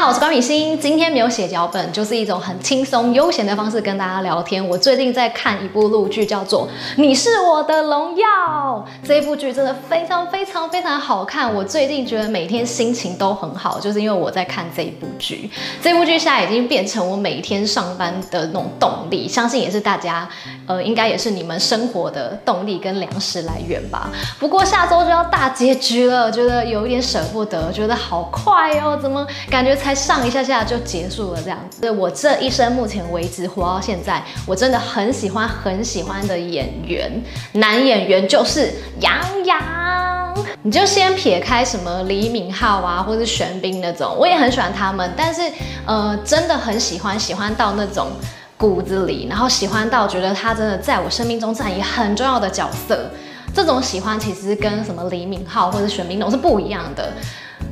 大家好，我是官品心。今天沒有寫腳本，就是一種很輕鬆悠閒的方式跟大家聊天。我最近在看一部陸劇，叫做《你是我的榮耀》。這一部劇真的非常非常非常好看。我最近覺得每天心情都很好，就是因為我在看這一部劇。這部劇現在已經變成我每天上班的那種動力，相信也是大家，呃，應該也是你們生活的動力跟糧食來源吧。不過下周就要大結局了，覺得有一點捨不得，覺得好快哦，怎麼感覺才？上一下下就結束了，這樣子對。我這一生目前為止活到現在，我真的很喜歡、很喜歡的演員，男演員就是楊洋，洋。你就先撇開什麼李敏鎬啊，或者是玄彬那種，我也很喜歡他們，但是呃，真的很喜歡，喜歡到那種骨子裡，然後喜歡到覺得他真的在我生命中占有很重要的角色。這種喜歡其實跟什麼李敏鎬或者玄彬都是不一樣的。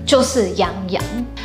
就是楊洋，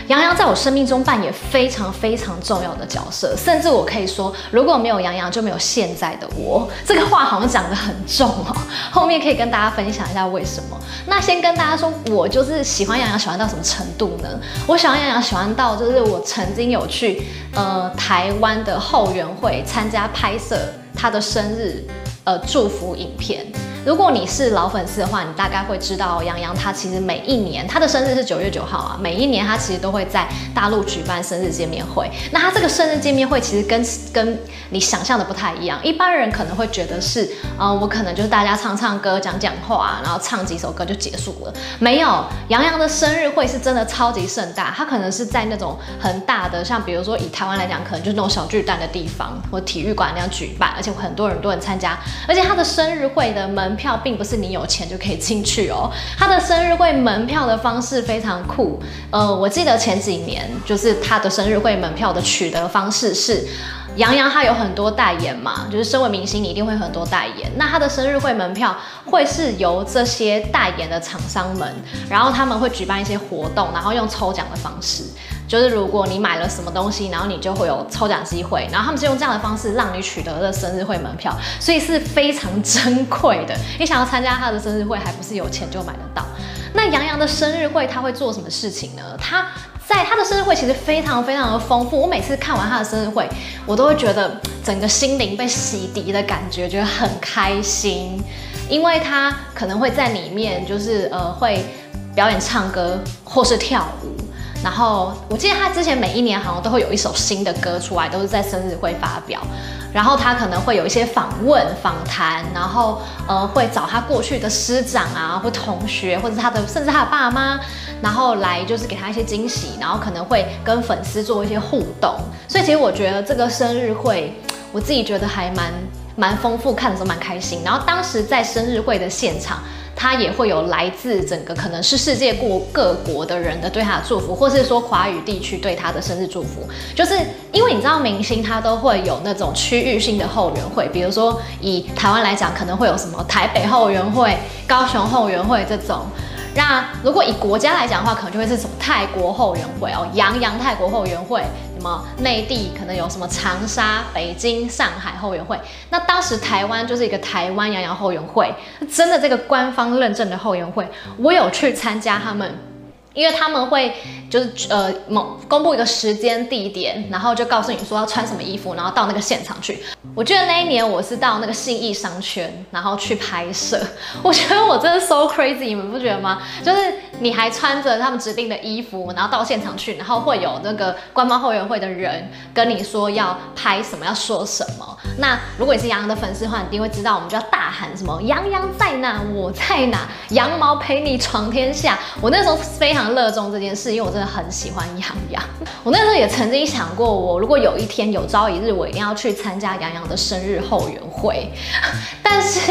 楊洋在我生命中扮演非常非常重要的角色，甚至我可以說，如果沒有楊洋，就沒有現在的我。這個話好像講的很重哦，後面可以跟大家分享一下為什麼。那先跟大家說，我就是喜歡楊洋，喜歡到什麼程度呢？我喜歡楊洋，喜歡到就是我曾經有去呃台灣的後援會參加拍攝他的生日呃祝福影片。如果你是老粉絲的話，你大概會知道楊洋他其實每一年他的生日是九月九號啊，每一年他其實都會在大陸舉辦生日見面會。那他這個生日見面會其實跟跟你想象的不太一樣，一般人可能會覺得是啊、呃，我可能就是大家唱唱歌、講講話、啊，然後唱幾首歌就結束了。沒有，楊洋的生日會是真的超級盛大，他可能是在那種很大的，像比如說以台灣來講，可能就是那種小巨蛋的地方或體育館那樣舉辦，而且很多人都很參加，而且他的生日會的門票並不是你有錢就可以進去哦。他的生日會門票的方式非常酷。呃，我記得前幾年就是他的生日會門票的取得方式是。楊洋他有很多代言嘛，就是身為明星，你一定會很多代言。那他的生日會門票會是由這些代言的廠商們，然後他們會舉辦一些活動，然後用抽獎的方式，就是如果你買了什麼東西，然後你就會有抽獎機會，然後他們是用這樣的方式讓你取得了生日會門票，所以是非常珍貴的。你想要參加他的生日會，還不是有錢就買得到？那楊洋的生日會他會做什麼事情呢？他。在他的生日會其實非常非常的豐富，我每次看完他的生日會，我都會覺得整個心靈被洗滌的感覺，覺得很開心，因為他可能會在裡面就是呃會表演唱歌或是跳舞，然後我記得他之前每一年好像都會有一首新的歌出來，都是在生日會發表，然後他可能會有一些訪問訪談，然後呃會找他過去的師長啊或同學或者他的甚至他的爸媽。然後來就是給他一些驚喜，然後可能會跟粉絲做一些互動，所以其實我覺得這個生日會，我自己覺得還蠻蠻豐富，看的時候蠻開心。然後當時在生日會的現場，他也會有來自整個可能是世界各國的人的對他的祝福，或是說華語地區對他的生日祝福。就是因為你知道，明星他都會有那種區域性的後援會，比如說以台灣來講，可能會有什麼台北後援會、高雄後援會這種。那如果以國家來講的話，可能就會是什麼泰國後援會哦，楊洋泰國後援會，什麼內地可能有什麼長沙、北京、上海後援會。那當時台灣就是一個台灣楊洋後援會，真的這個官方認證的後援會，我有去參加他們。因為他們會就是呃某公布一個時間地點，然後就告訴你說要穿什麼衣服，然後到那個現場去。我記得那一年我是到那個信義商圈，然後去拍攝。我覺得我真的 so crazy，你們不覺得嗎？就是你還穿着他們指定的衣服，然後到現場去，然後會有那個官方後援會的人跟你說要拍什麼，要說什麼。那如果你是楊洋的粉絲的話，你一定會知道，我們就要大喊什麼“楊洋在哪？我在哪？羊毛陪你闖天下”。我那時候非常。熱衷這件事，因為我真的很喜歡楊洋。我那時候也曾經想過，我如果有一天、有朝一日，我一定要去參加楊洋的生日後援會。但 是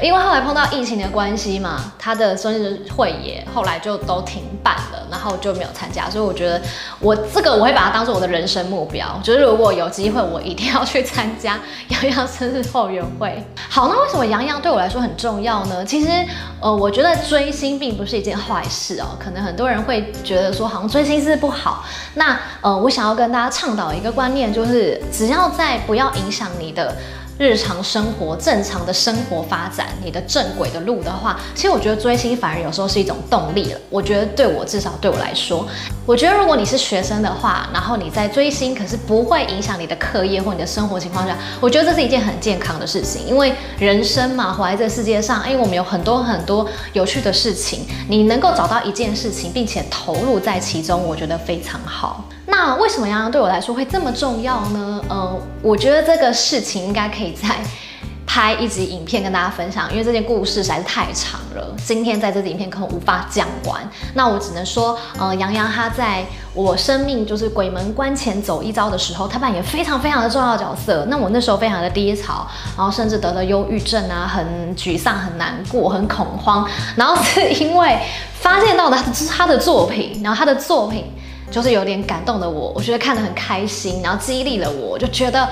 因為後來碰到疫情的關係嘛，他的生日會也後來就都停辦了，然後就沒有參加。所以我覺得我這個我會把它當做我的人生目標，就是如果有機會，我一定要去參加楊洋生日後援會。好，那為什麼楊洋對我來說很重要呢？其實呃，我覺得追星並不是一件壞事哦、喔，可能很多人會覺得說好像追星是不好。那呃，我想要跟大家倡導一個觀念，就是只要在不要影響你的。日常生活正常的生活發展，你的正軌的路的話，其實我覺得追星反而有時候是一種動力了。我覺得對我，至少對我來說，我覺得如果你是學生的話，然後你在追星，可是不會影響你的課業或你的生活情況下，我覺得這是一件很健康的事情。因為人生嘛，活在這世界上，哎，我們有很多很多有趣的事情，你能夠找到一件事情，並且投入在其中，我覺得非常好。那為什麼楊洋對我來說會這麼重要呢？嗯、呃，我覺得這個事情應該可以再拍一集影片跟大家分享，因為這件故事實在是太長了，今天在這集影片可能無法講完。那我只能說，呃，楊洋他在我生命就是鬼門關前走一遭的時候，他扮演非常非常的重要的角色。那我那時候非常的低潮，然後甚至得了憂鬱症啊，很沮喪、很難過、很恐慌。然後是因為發現到的就是他的作品，然後他的作品。就是有點感動的我，我覺得看得很開心，然後激勵了我，我就覺得啊，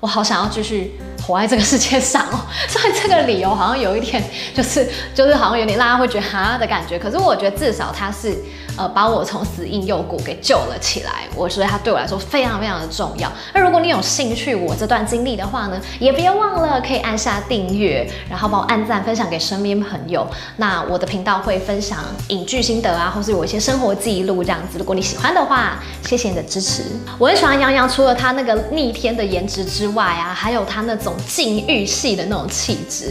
我好想要繼續。活在這個世界上哦，所以這個理由好像有一點，就是就是好像有點讓大家會覺得哈的感覺。可是我覺得至少他是呃把我從死蔭幽谷給救了起來，我覺得他對我來說非常非常的重要。那如果你有興趣我這段經歷的話呢，也別忘了可以按下訂閱，然後幫我按讚分享給身邊朋友。那我的頻道會分享影劇心得啊，或是有一些生活記錄這樣子。如果你喜歡的話，謝謝你的支持。我很喜歡楊洋，除了他那個逆天的顏值之外啊，還有他那種。禁慾系的那種氣質，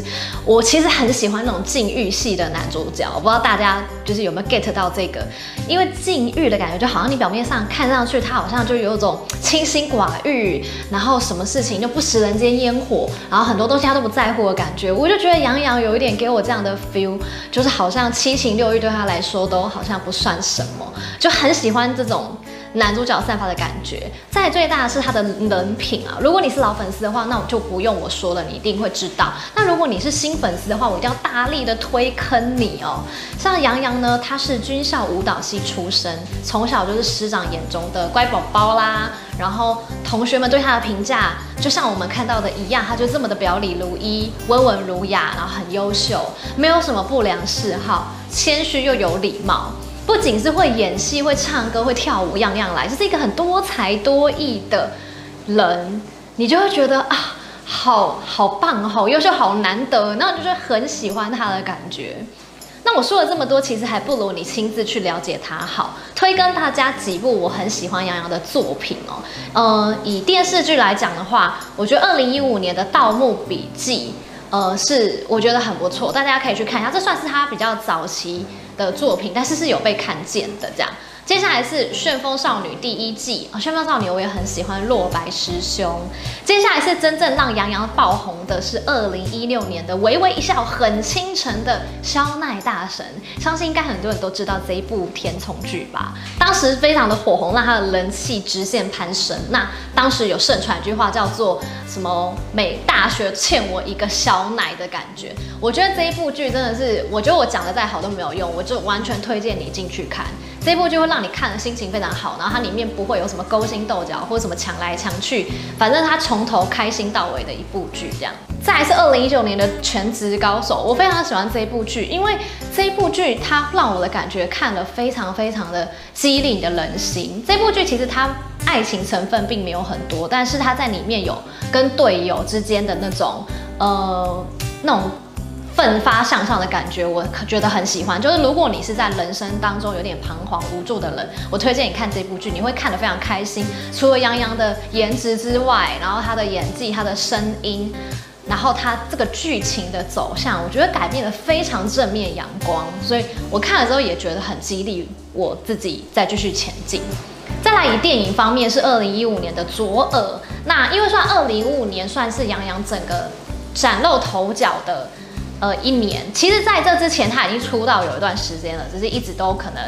我其實很喜歡那種禁慾系的男主角。我不知道大家就是有沒有 get 到這個，因為禁慾的感覺就好像你表面上看上去他好像就有一種清心寡欲，然後什麼事情就不食人間煙火，然後很多東西他都不在乎的感覺。我就覺得楊洋有一點給我這樣的 feel，就是好像七情六欲對他來說都好像不算什麼，就很喜歡這種男主角散發的感覺，再最大的是他的人品啊！如果你是老粉絲的話，那我就不用我說了，你一定會知道。那如果你是新粉絲的話，我一定要大力的推坑你哦！像楊洋呢，他是軍校舞蹈系出身，從小就是師長眼中的乖寶寶啦。然後同學們對他的評價，就像我們看到的一樣，他就這麼的表裡如一，溫文儒雅，然後很優秀，沒有什麼不良嗜好，謙虛又有禮貌。不僅是會演戲、會唱歌、會跳舞，樣樣來，就是一個很多才多藝的人，你就會覺得啊，好好棒、好優秀、好難得，那就是很喜歡他的感覺。那我說了這麼多，其實還不如你親自去了解他好。推跟大家幾部我很喜歡楊洋的作品哦，嗯、呃，以電視劇來講的話，我覺得二零一五年的《盜墓筆記》呃是我覺得很不錯，大家可以去看一下，這算是他比較早期的作品，但是是有被看見的。這樣，接下來是《旋風少女》第一季啊，哦《旋風少女》我也很喜歡若白師兄。接下來是真正讓楊洋，洋爆紅的是2016年的《微微一笑很傾城》的肖奈大神，相信應該很多人都知道這一部甜寵劇吧？當時非常的火紅，讓他的人氣直線攀升。那當時有盛傳一句話叫做，什麼每大學欠我一個小奶的感覺？我覺得這一部劇真的是，我覺得我講得再好都沒有用，我就完全推薦你進去看。這一部劇會讓你看的心情非常好，然後它裡面不會有什麼勾心鬥角或者什麼搶來搶去，反正它從頭開心到尾的一部劇這樣。再來是二零一九年的《全職高手》，我非常喜歡這一部劇，因為這一部劇它讓我的感覺看了非常非常的激勵你的人心。這部劇其實它愛情成分並沒有很多，但是它在裡面有跟隊友之間的那種呃那種奮發向上的感覺，我覺得很喜歡。就是如果你是在人生當中有點彷徨無助的人，我推薦你看這部劇，你會看得非常開心。除了楊洋的顏值之外，然後他的演技、他的聲音。然後它這個劇情的走向，我覺得改變了非常正面陽光，所以我看了之後也覺得很激勵，我自己再繼續前進。再來以電影方面是二零一五年的左耳，那因為算二零一五年算是楊洋整個嶄露頭角的呃一年，其實在這之前他已經出道有一段時間了，只是一直都可能。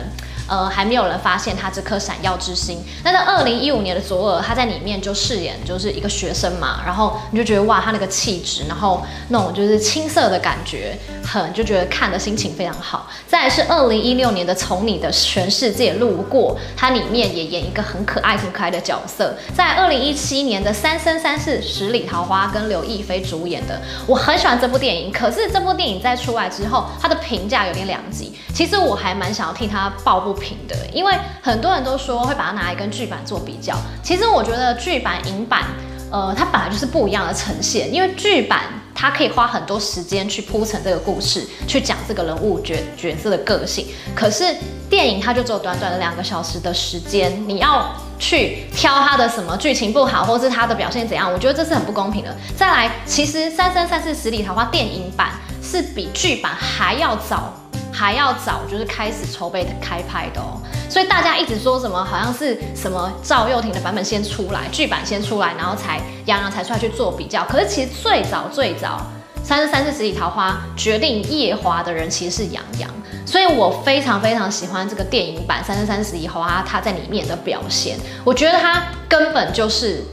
呃，還沒有人發現他這顆閃耀之星。那在二零一五年的左耳，他在裡面就飾演就是一個學生嘛，然後你就覺得哇，他那個氣質，然後那種就是青澀的感覺，很就覺得看的心情非常好。再來是二零一六年的《從你的全世界路過》，他裡面也演一個很可愛、很可愛的角色。在二零一七年的《三生三世十里桃花》跟劉亦菲主演的，我很喜歡這部電影。可是這部電影在出來之後，它的評價有點兩極。其實我還蠻想要替他抱不。的，因為很多人都說會把它拿來跟劇版做比較。其實我覺得劇版、影版，呃，它本來就是不一樣的呈現。因為劇版它可以花很多時間去鋪陳這個故事，去講這個人物角角色的個性。可是電影它就只有短短的兩個小時的時間，你要去挑它的什麼劇情不好，或是它的表現怎樣，我覺得這是很不公平的。再來，其實《三生三世十里桃花》電影版是比劇版還要早。還要早，就是開始籌備的開拍的哦、喔，所以大家一直說什麼好像是什麼趙又廷的版本先出來，劇版先出來，然後才楊洋，洋才出來去做比較。可是其實最早最早《三生三世十里桃花》決定夜華的人其實是楊洋，洋，所以我非常非常喜歡這個電影版《三生三世十里桃花》他在裡面的表現，我覺得他根本就是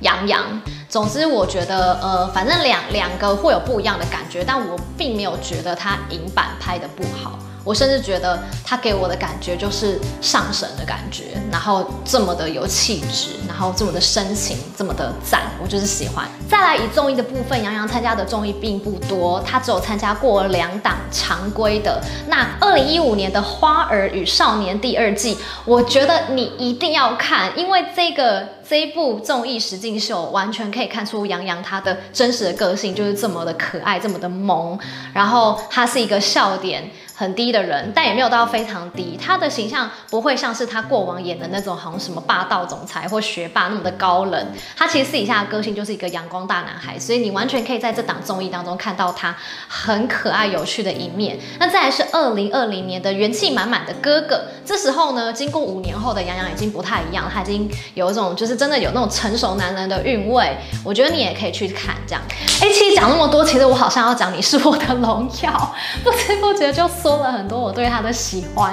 楊洋，洋。總之，我覺得，呃，反正兩兩個會有不一樣的感覺，但我並沒有覺得他影版拍得不好，我甚至覺得他給我的感覺就是上神的感覺，然後這麼的有氣質，然後這麼的深情，這麼的贊，我就是喜歡。再來以綜藝的部分，楊洋參加的綜藝並不多，他只有參加過兩檔常規的，那二零一五年的《花兒與少年》第二季，我覺得你一定要看，因為這個。這一部綜藝實境秀完全可以看出楊洋他的真實的個性就是這麼的可愛，這麼的萌。然後他是一個笑點很低的人，但也沒有到非常低。他的形象不會像是他過往演的那種，好像什麼霸道總裁或學霸那麼的高冷。他其實私底下的個性就是一個陽光大男孩，所以你完全可以在這檔綜藝當中看到他很可愛有趣的一面。那再來是二零二零年的元氣滿滿的哥哥。這時候呢，經過五年後的楊洋已經不太一樣，他已經有一種就是。真的有那種成熟男人的韻味，我覺得你也可以去看。這樣，哎，其實講那麼多，其實我好像要講你是我的榮耀，不知不覺就說了很多我對他的喜歡。